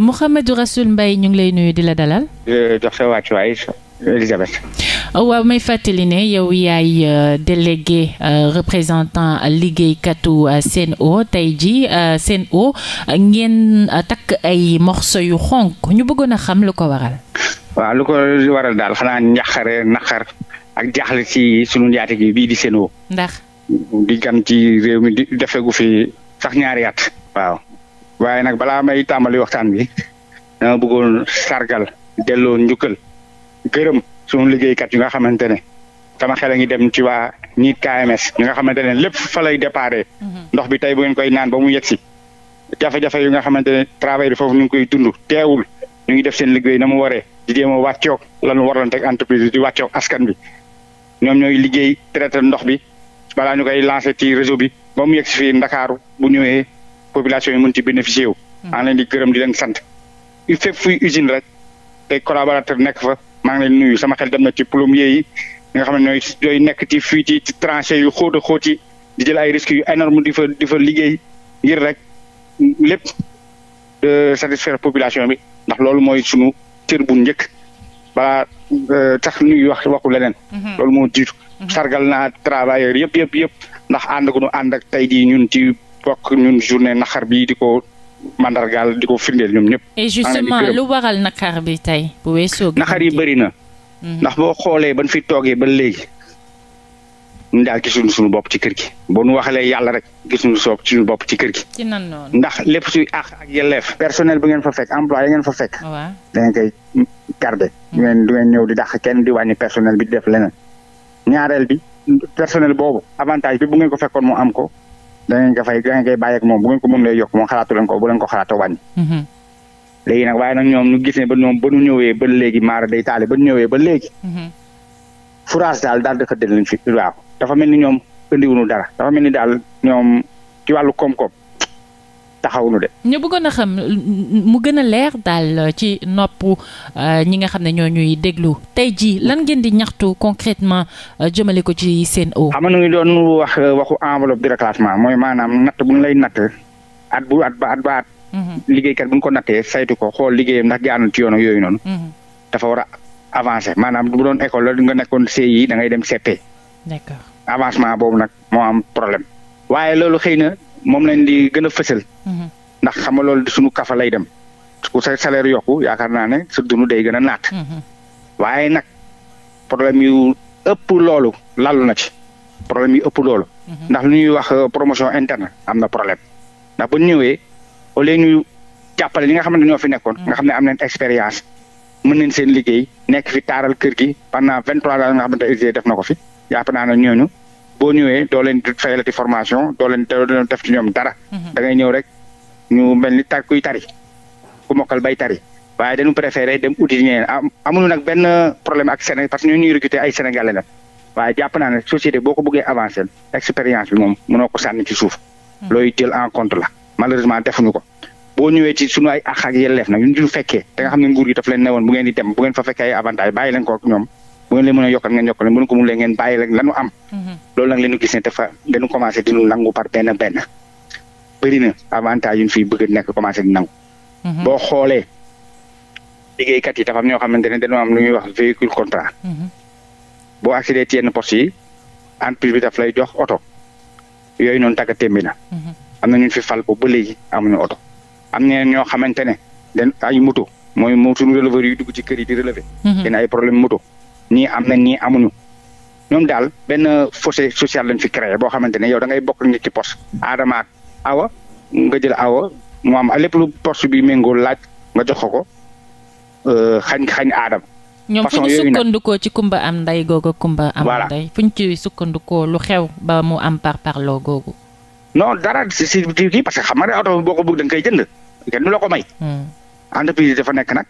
Mouhamadou Rassoul mbay ñu ngi lay nuyu di la dalal. jox sa wàccuwaay Elisabeth. Oh, waaw may fàttali ne yow yaay euh, délégué euh, représentant liggéeykatu euh, Sen'Eau tey ji Sen'Eau ngeen takk ay morceau yu xonk ñu bëggoon a xam lu ko waral. daal xanaa ñaxare naqar ak jaaxle ci sunu njaatig yi bii di Sen'Eau. ndax. di gan ci réew mi di defegu fi sax ñaari at. waaw. waaye nag balaa may tàmbali waxtaan bi dama bëggoon sargal delloo njukkal gërëm sunu liggéeykat yi nga xamante ne sama xel a ngi dem ci waa ñi KMS ñi nga xamante ne lépp fa lay déparé mhm. ndox bi tey bu ngeen koy naan ba si jafe yi nga xamante ne travail foofu ñu ngi koy dund teewul ñu ngi def seen liggéey na mu waree di jéem a wàccoog la ñu waroon teg entreprise bi di wàccoog askan bi ñoom ñooy liggéey traité ndox bi balaa ñu koy lancé ci réseau bi ba mu yegg si Ndakaaru bu ñëwee population yi mën ci bénéficier wu. Hmm. maa ngi leen di gërëm di leen sant. il fépp fuy usine rek tey collaborateur nekk fa maa ngi leen sama xel dem na ci yi ne ñooy ñooy nekk ci fi ci ci tranchées yu xóot a xóot yi di ay risques yu énorme di fa di fa liggéey ngir rek lépp de euh, satisfaire population bi ndax loolu mooy sunu cër bu njëkk balaa euh, tax nuyu wax waxu leneen. Hmm. loolu moo jiitu. Hmm. sargal naa travailleurs yëpp ndax ànd gu ñu ànd tey jii ñun ci bokk ñun journée naxar bi di ko mandargaal di ko firndeel ñoom ñëpp. et justement lu waral bi tey bu weesoo. naxar yi bëri na. Mhm. ndax boo xoolee ban fi toogee ba léegi. ñun daal gisuñu suñu bopp ci kër gi boo nu waxalee yàlla rek gisuñu suñu bopp ci kër gi. ci nan ndax lépp suy àq ak yelleef. personnel bu ngeen fa fekk emploi yi ngeen fa fekk. waaw da ngeen koy garder. Mhm. du ñëw di dàq kenn di wàññi personnel bi di def leneen. ñaareel bi personnel boobu avantage bi bu ngeen ko fekkoon moo am ko da ngeen ko fay da ngeen koy bàyyi ak moom bu ngeen ko mën lay yokk moom xalaatu leen ko bu leen ko xalaatoo wàññi mm-hmm. léegi nag waaye nag ñoom ñu gis ne ba ñoom ba ñu ñëwee ba léegi a day taale ba ñu ñëwee ba léegi mm-hmm. fourage daal daal dafa dël fi waaw dafa mel ni ñoom indiwuñu dara dafa mel ni daal ñoom ci wàllu koom-koom taxaw nu de. ñu bëggoon a xam mu gën a leer daal ci nopp euh, ñi nga xam ne ñoo ñuy déglu tey ji lan ngeen di ñaxtu concrètement euh, jëmale ko ci Sen'Eau. am na ñu doon wax euh, waxu enveloppe de reclassement mooy maanaam natt bu ñu lay natt at bu at ba at ba at. Mhm. liggéeykat bu ñu ko nattee saytu ko xool liggéeyam ndax jaanul ci yoon ak yooyu noonu. Mhm. dafa war a avancer maanaam bu doon école la nga nekkoon CI da ngay dem CP. d'accord avancement boobu nag moo am problème na moom lañ di gën a fësal. Mhm. ndax xam nga loolu suñu kafa lay dem ku sa salaire yokku yaakaar naa ne sa dund day a naat. Mhm. waaye nag problème yu ëpp loolu lalu na ci problème yu ëpp loolu. Mhm. ndax lu ñuy wax euh, promotion interne am na problème ndax bu ñëwee au lieu ñu jàppale ñi nga xam ne ñoo fi nekkoon. nga xam ne am nañ expérience mën nañ seen liggéey nekk fi taaral kër gi pendant vingt trois ans nga xamante ne def na ko fi yaakaar naa ne ñooñu. boo ñëwee doo leen di formation doo leen doo ñoom dara. Mhm. da ngay ñëw rek ñu mel ni tar kuy tari ku mokkal bay tari waaye dañu préféré dem uti di ñeneen amuñu nag benn problème ak Sénégal parce que ñun ñuy recruter ay Sénégalais waaye jàpp naa société boo ko bëggee avancer expérience bi moom mënoo ko sànni ci suuf. Mhm. looy jël en la malheureusement defuñu ko. boo ñëwee ci suñu ay ak yelleef nag ñun duñu fekkee da nga xam ne nguur gi daf leen newoon bu ngeen bu ngeen leen mën a yokkal ngeen yokkal bu ngeen ko mënulee ngeen bàyyi rek lanu am. Mhm. loolu nag lañu gis ne dafa dañu commencé mhm. boo xoolee liggéeykat yi dafa am ñoo xamante ne dañoo am lu ñuy wax véhicule contrat. Mhm. boo accédé ci yi entreprise bi daf lay jox oto yooyu noonu tagga témbi na. am na ñu fi fal ba ba léegi amuñu oto am na ñoo xamante ne ay moto mooy moto releveur yu dugg ci yi di relever. dañ ay problème moto. ñii am na nii amuñu ñoom daal benn fossé social lañ fi créé boo xamante ne yow da ngay bokk nit ci poste aadama ak awa nga jël awa mu am lépp lu poste bi méngoo laaj nga jox ko euh, xañ xañ aadama. ñoom fu ñu sukkandikoo ci kumba am ndey googu kumba am ndey fu ñu ci sukkandikoo lu xew ba mu am par parloo googu. non dara si si kii parce que xam nga ne oto boo ko bëgg da nga koy jënd kenn du la ko may. Hmm. entreprise dafa nekk nag.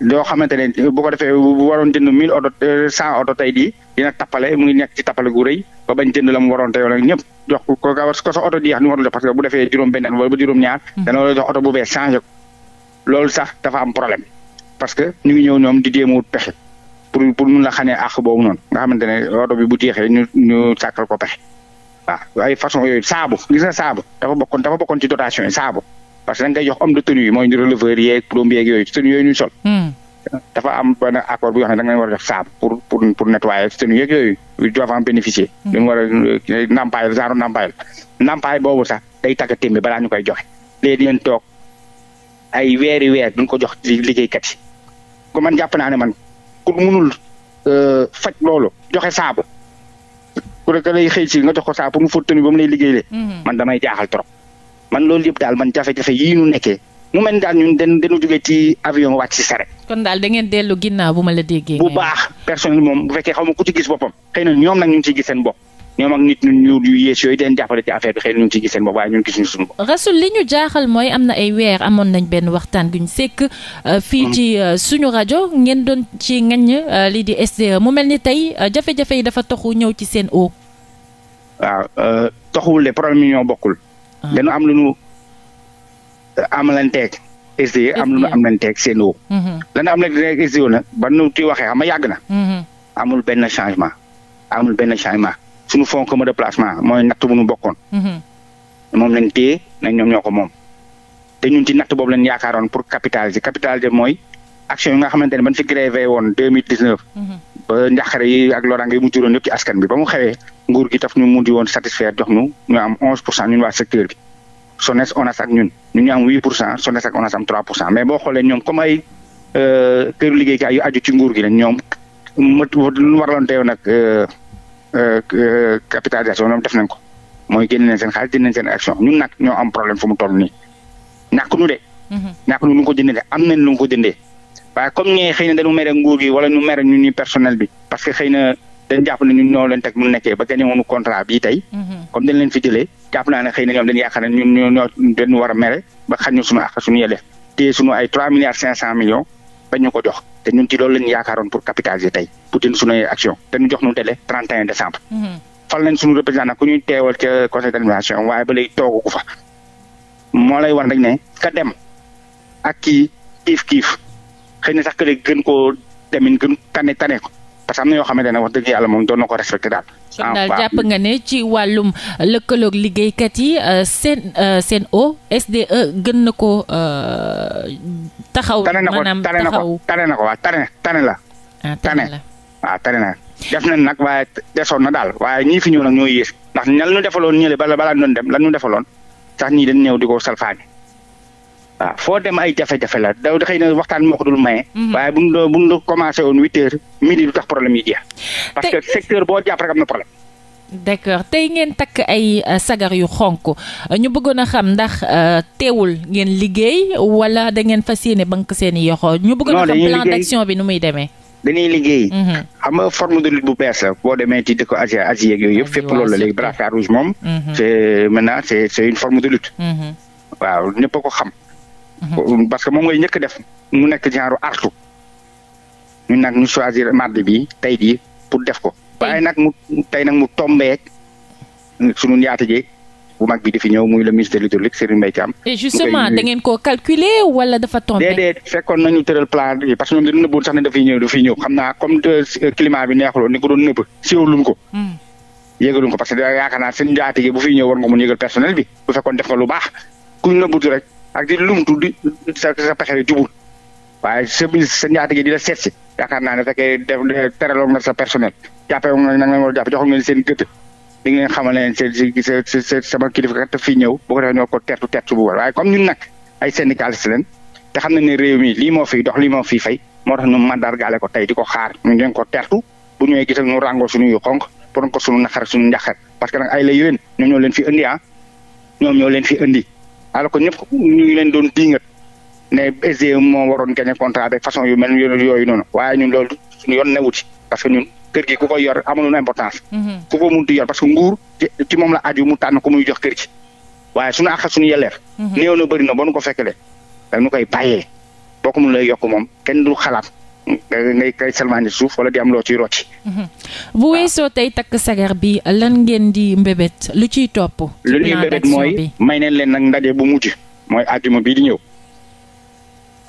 loo xamante ne bu ko defee bu waroon jënd mille oto euh, cent oto tey jii dina tappale mu ngi nekk ci tappale gu rëy ba bañ jënd la mu waroon tey wala ñëpp jox ko ko ko oto jeex ni mu waroon jox parce que bu defee juróom-benn wala ba juróom-ñaar. Hmm. dana war a jox oto sax dafa am problème parce que ñu ngi ñëw ñoom di déemu pexe pour pour mun la xamee àq boobu noonu nga xamante ne oto bi bu jeexee ñu ñu sàkkal ko pexe waaw ay façon yooyu saabu gis na saabu dafa bokkoon dafa bokkoon dotation saabu parce que da nga koy de tenue yi mooy releveur yeeg plombier yeeg yooyu tenue yooyu ñu sol hmm. dafa am benn accord bu yoo xam ne da nga war a def saabu pour pour pour nettoyer seen yeeg yooyu ils doivent en bénéficier. Hmm. dañu war a euh, ndàmpaay genre la ndàmpaay boobu sax day tagga témbe balaa ñu koy joxe léegi leen toog ay weeri weer duñ ko jox liggéeykat yi ko man jàpp naa ne man ku mënul euh, faj loolu joxe saabu ku rek lay xëy si nga jox ko saabu pour mu fóot tamit ba lay liggéey le hmm. man damay jaaxal trop man loolu yëpp daal man jafe-jafe yii ñu mu mel ni daal ñun den dañu jógee ci avion wàcc si saret kon daal da dellu ginnaaw bu ma la déggee. bu baax personnel moom bu fekkee xaw ma ku ci gis boppam xëy na ñoom nag ñu ngi gis seen bopp. ñoom na ñu ngi ciy gis seen bopp waaye ñun gisuñu suñu bopp. Rasoul li ñu jaaxal mooy am na ay weer amoon nañ benn waxtaan gu ñu sekk. Euh, fii mm. ci euh, suñu rajo ngeen doon ci ngañ euh, lii di SDE mu mel ni tey jafe-jafe yi dafa toxu ñëw ci seen o. waaw toxuwul de problème yi ñoo bokkul. Ah. dañu am lu ñu amalanteeg SDE am lu nu amalanteeg CNO. lan amalanteeg SDE nag ba nu ci waxee xam nga yàgg na. Mm-hmm. amul benn changement amul benn changement suñu fonds commun de placement mooy natt bu nu bokkoon. Mm-hmm. moom lañ téye nag ñoom ñoo ko moom. te ñun ci natt boobu lañ yaakaaroon pour capitaliser capitaliser mooy action nga xamante ne ban fi grévé woon deux mille dix neuf. Mm-hmm. ba njaqare yi ak loraange yi mu juróon yëpp ci askan bi ba mu xewee nguur gi daf ñu mujj woon satisfaire jox ñu ñu am onze pour SONES ONAS ak ñun ñun am 8 pour cent SONES ak ONAS am 3 pour cent mais boo xoolee ñoom comme ay euh, këru liggéeykaay yu aju ci nguur gi lañ ñoom mët lu waraloon teew nag euh, euh, capitalisation ñoom def nañ ko mooy génne nañ seen xaalis génne nañ seen action ñun nag ñoo am problème fu mu toll nii ñàkk nu de. Mhm. ñàkk nu lu ko jëndee am nañ lu ko jëndee waaye comme ñee xëy na dañu mere nguur gi wala ñu mere ñun ñuy personnel bi parce que xëy na dañ jàpp ne ñun ñoo ba gañe woonu contrat jàpp naa ne xëy na ñoom dañu yaakaar ne ñun ñoo ñoo dañu war a mere ba xañ ñu suñu àq suñu yelleef te suñu ay trois milliards cinq cent millions ba ñu ko jox te ñun ci loolu ñu yaakaaroon pour capitaliser tey Poutine suñuy action te ñu jox ñu délai 31 décembre. Mhm. fal nañ suñu représentant ku ñuy teewal ca conseil d'administration waaye ba lay toogu ko fa moo lay war rek ne ka dem ak kii kiif kiif xëy na sax que gën koo demin gën tane tane parce que am na yoo xamante ne wax dëgg yàlla moom doon na ko respecté daal. kon ah, daal jàpp nga ne ci wàllum euh, lëkkaloog liggéeykat yi euh, seen euh, seen o SDE gën na ko taxaw. maanaam taxaw tane na ko waaw tare tane la. Ah, tane la waaw na def nañ nag waaye desoon na daal waaye ñii fi ñëw nag ñoo yées ndax ñan la ñu defaloon ñële bala balaa ñu dem lan ñu defaloon sax ñii dañ ñëw di ko salfaani waaw foo dem ay jafe-jafe la da xëy na waxtaan moo ko dul maye. Mhm. waaye bu ñu bu ñu commencé woon huit heures midi du tax problème yi jeex. parce que secteur boo jàpp rek am na problème. d'accord tey ngeen takk ay euh, sagar yu xonk euh, ñu bëggoon a xam ndax euh, teewul ngeen liggéey wala da ngeen fas yéene banque seen i yoxo ñu bëggoon a xam plan mhm. de lutte bu bees la boo demee ci dëkk Asie Asie yooyu yëpp fépp loolu la léegi rouge moom. Mhm. c'est une forme de lutte. waaw ñëpp a ko xam. Mhm. parce que moom ngay njëkk def mu nekk genre artu ñun nag ñu choisir mardi bi tey jii pour def ko. waaye nag mu tey nag mu tombé sunu njaatige bu mag bi di fi ñëw muy le ministre de l'hydraulique Serigne Mbaye Thiam. et justement da ngeen koo calculer wala euh, ko doon nëbb siiwaluñ hmm. parce que yaakaar naa seen njaatige bu fi ñëw war nga mun yëgal personnel bi bu fekkoon def nga lu baax ku nëbbutu rek. ak di lumtu di sa sa pexe la jubul waaye sa bis sa ñaata gi di la seet si yaakaar naa ne fekkee def teraloon na sa personnel jàppee moom nag nga war a jàpp ngeen seen gëdd di ngeen xamal leen seen si sa sama kilifa kat ñëw boo ko defee ñoo ko tertu tertu bu war waaye comme ñun nag ay syndicalistes leen te xam nañ ne réew mi lii moo fiy dox lii moo fiy fay moo tax ñu mandargaale ko tey di ko xaar ñu ngi bu ñëwee gisal ñu yu xonq pour ko suñu naxar suñu njaqar parce que ay la yéen ñoo leen fi indi ah ñoom ñoo leen fi indi alors que ñëpp ñu ngi leen doon diingat ne SDE moo waroon gagné contrat de façon yu mel yooyu noonu waaye ñun loolu suñu yoon newu parce que ñun kër gi koy yor amuloon importance. ku ko mënut mhm. yor parce que nguur ci moom la aju mu ku muy jox kër waaye suñu àq suñu yelleef. Mhm. néew na bëri na ba nu ko fekkelee koy bàyyee boo ko yokk moom kenn du xalaat. ngay ngay salmaani suuf wala di am loo ciy rocci. Mhm. bu weesoo tey takk sagar bi lan ngeen di mbébét lu ci topp. lu ñuy mbébét mooy may neen leen nag ndaje bu mujj mooy àjjuma bi di ñëw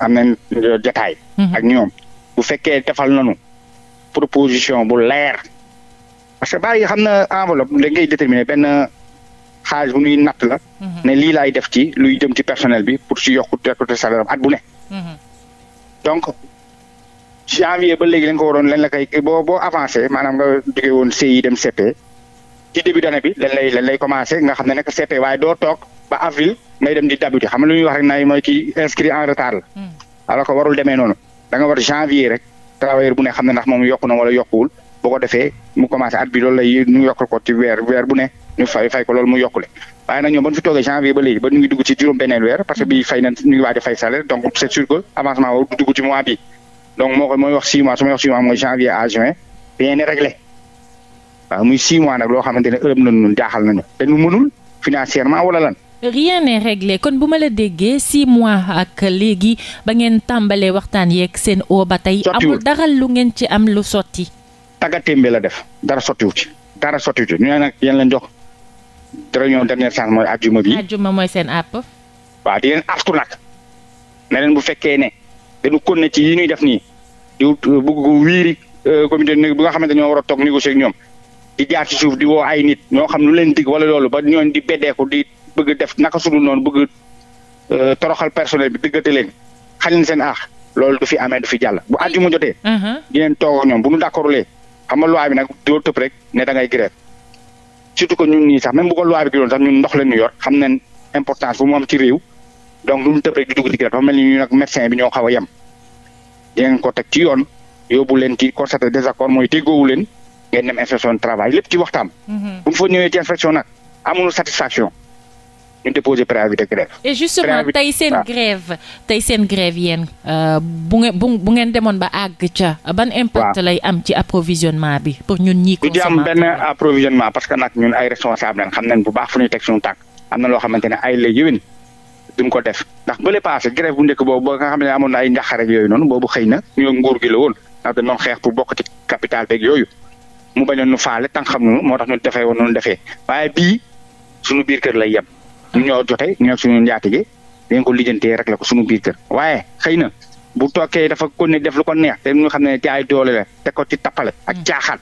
am nañ euh, jotaay. Mhm. ak ñoom bu fekkee defal nañu proposition bu leer. parce que bàyyi xam na enveloppe da ngay déterminer benn xaalis bu ñuy natt la. Mhm. ne lii def ci luy jëm ci personnel bi pour ci yokku te salaire at bu ne. donc janvier ba léegi lañ ko waroon lañ la koy boo boo avancé nga jóge woon CI dem CP ci début d'année bi lañ lay lañ nga xam ne nag CP waaye doo toog ba avril ngay dem di hmm. dabuti xam ne ndax moom yokku na wala yokkuwul boo ko defee mu commencé at lay ñu yokkule waaye nag ñoom ba ñu janvier ba léegi ba ñu ngi dugg ci weer parce que bii fay nañ ñu ngi fay salaire donc c'est sûr que avancement woowu du dugg ci bi donc moo koy mooy wax 6 su may wax 6 mois janvier à juin rien réglé waaw muy 6 mois nag loo xamante ne ëpp na ñun nañu dañu mënul financièrement wala lan. rien réglé kon bu ma la déggee six mois ak léegi ba ngeen tàmbalee waxtaan yeeg seen ba tey. amul dara lu ngeen ci am lu sotti. tàggatémbe la def dara sottiwu ci dara sottiwu ci ñu ne nag yéen lañ jox réunion dernière chance mooy ajjuma bi. ajjuma mooy seen àpp. waaw di leen artu nag ne bu fekkee ne dañu kon ne ci yi ñuy def nii di euh, bëgg wiiri euh, comité bi nga xamante ñoo war a toog négocier ak ñoom di jaar ci suuf di woo ay nit ñoo xam lu leen dig wala loolu ba ñooñ di beddeeku di bëgg def naka sudul noonu bëgg euh, toroxal personnel bi diggante leen xañ seen aax loolu du fi amee du fi jàll bu àjjuma mu jotee mm-hmm. di leen toog ak ñoom bu ñu d'accordulee xam nga nag doo tëb rek ne da ngay grève surtout que ñun nii sax même bu ko loi bi sax ñun ndox le ñu yor xam nañ importance bu mu ci réew donc lu ñu tëb rek di dugg ci dafa mel ni ñu nag médecin bi ñoo xaw a yem dinañ ko teg ci yoon yóbbu leen ci constaté désaccord mooy déggoowu leen ngeen dem inspection du travail lépp ci waxtaan. Mhm. bu ñu fa ñëwee ci inspection nag amuñu satisfaction ñu déposé préavis de justement tey seen grève tey seen grève yéen euh, bu ngeen bu demoon ba àgg ca. ban impact lay am ci approvisionnement bi pour ñun ñii. consommateur du approvisionnement parce que nag ñun ay responsable lañ xam nañ bu baax fu ñuy teg suñu tànk am na loo xamante ne ay bi mu def ndax bële paase grève bu njëkk boobu ba nga xam ne amoon na ay njaqare ak yooyu noonu boobu xëy na ñoo nguur gi la woon ndax dañu doon xeex pour bokk ci capital beeg yooyu mu bañoon nu faale tànk xam nu moo tax ñu defee woon noonu defee waaye bii suñu biir kër lay yem ñu ñoo jote ñoo suñu njaatige dañ ko lijjantee rek la ko suñu biir kër waaye xëy na bu tookee dafa kon ne def lu ko neex te ñu xam ne ci ay doole la te ko ci tappale ak mm. caaxaan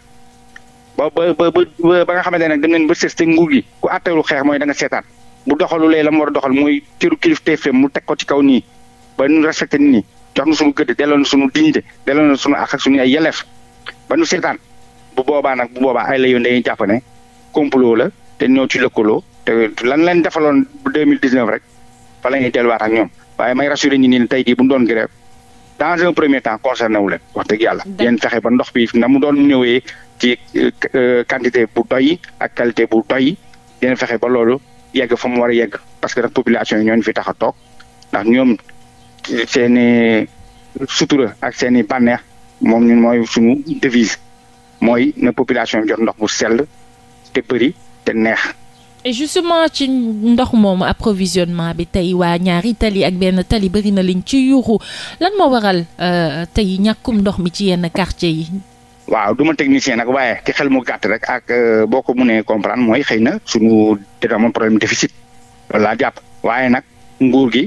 ba ba ba ba nga xamante ne nag dem ba sës te nguur gi ku àtteelu mooy da nga bu doxalulee la mu war a doxal mooy cëru kilifteefam mu teg ko ci kaw nii ba ñu respecté nii ñi jox nu suñu gëdd delloo na suñu dignité delloo na suñu ak ak suñu ay yelleef ba nu seetaan bu boobaa nag bu boobaa ay la yoon dañuy jàpp ne complot la te ñoo ci lëkkaloo te lan leen defaloon bu mille dix neuf rek fa la ñuy delluwaat ñoom waaye may rassuré ñi ne tey jii doon grève dans un premier temps concerné wu leen wax dëgg yàlla. yéen fexe ba ndox bi na mu doon ñëwee ci euh, quantité bu doy ak qualité bu doy yéen fexe ba loolu. yegg fa mu war a yegg parce que nag population yi ñooñu fi tax a toog ndax ñoom seen i sutura ak seen i bànneex moom ñun mooy suñu devise mooy na population bi jot ndox bu sell te bëri te neex. et justement ci ndox moomu approvisionnement bi tey waa ñaari tali ak benn tali bëri na liñ ci yuuxu lan moo waral euh, tey ñàkkum ndox mi ci yenn quartier yi. waaw du ma technicien nag waaye ci xel mu gàtt rek ak euh, boo ko mënee comprendre mooy xëy na suñu dina amoon problème déficit loolu laa jàpp waaye nag nguur gi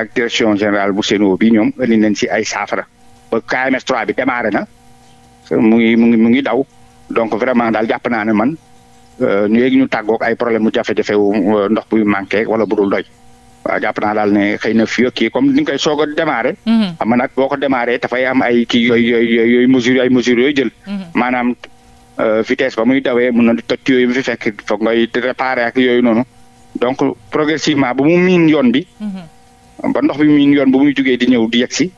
ak direction général bu Sen'Eau bi ñoom indi nañ si ay saafara ba KMS 3 bi démarré na mu ngi mu ngi mu ngi daw donc vraiment daal jàpp naa ne man euh, ñu yéegi ñu tàggoog ay problème mu jafe-jafe wu euh, ndox buy manqué wala bu doy. waaw jàpp daal ne xëy na fii ak kii comme koy soog a démarré. Mhm. xam nga boo ko démarré dafay am ay kii yooyu yooyu yooyu mesure ay mesures yooyu jël. Mhm. maanaam euh, vitesse ba muy dawee mun na toj yooyu mu fi fekk foog ngay réparé ak donc progressivement bu mu miin yoon bi. Mhm. ba ndox bi miin yoon bu muy jugee di ñëw di yegg si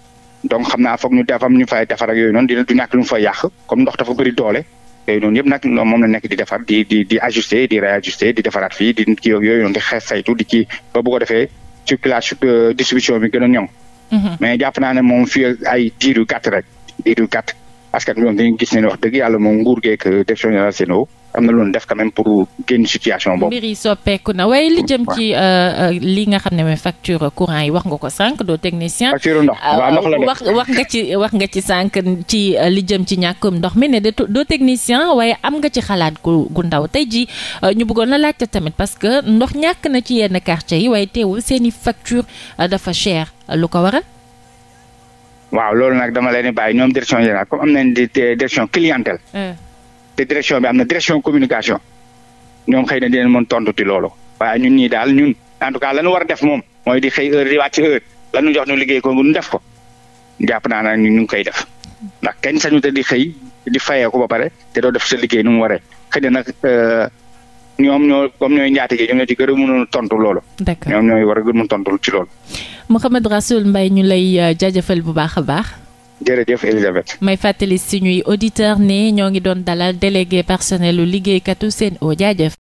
donc xam naa foog ñu defam ñu fay defar ak yooyu noonu dina du ñàkk lu mu fay yàq comme ndox dafa doole. te loolu yëpp moom la nekk di defar di ajuster di réajuster di defaraat fii di kii yooyu noonu di xees saytu di kii ba bu ko defee circulation euh, distribution bi gën a ñoŋ mm-hmm. mais jàpp naa ne moom fii ay diiru gàtt rek diiru gàtt askan bi moom dañu gis ne wax dëgg yàlla moom nguur geek euh, direction générale am na loolu def quand même situation boobu. mbir yi soppeeku na waaye li jëm ci euh, euh, li nga xam ne mooy facture courant yi wax nga ko sànq doo technicien. facture ndox waaw ndox wax wax nga ci wax nga ci sànq ci li jëm ci ñàkkum ndox mi ne de doo technicien waaye am nga ci xalaat gu gu ndaw tey jii ñu bëggoon la laajte tamit parce que ndox ñàkk na ci yenn quartier yi waaye teewul seeni i facture dafa cher lu ko waral. waaw loolu nag dama leen di bàyyi ñoom direction générale comme am nañ di direction clientèle. Mm. te direction bi am na direction communication ñoom xëy na dinañ mën tontu ci loolu. waaye ñun ñii daal ñun en tout cas la war a def moom mooy di xëy heure di wàcc heure la ñu jox ñu liggéey ko ñu def ko jàpp naa na ñu ngi koy def ndax kenn sañu te di xëy di fayee ko ba pare te doo def sa liggéey nu mu waree xëy na euh, ñoom ñoo comme ñooy njaatige ñoom ñoo ci gën a mënoon tontu loolu. d'accord ñoom ñooy war a gën mën tontu ci loolu. Mouhamed Rassoul Mbaye ñu lay euh, jaajëfal bu baax a baax. jërëjëf Elisabeth. may fàttali si ñuy auditeurs ni ñoo ngi doon dalal délégué personnel lu liggéeykatu Sen'Eau jaajëf.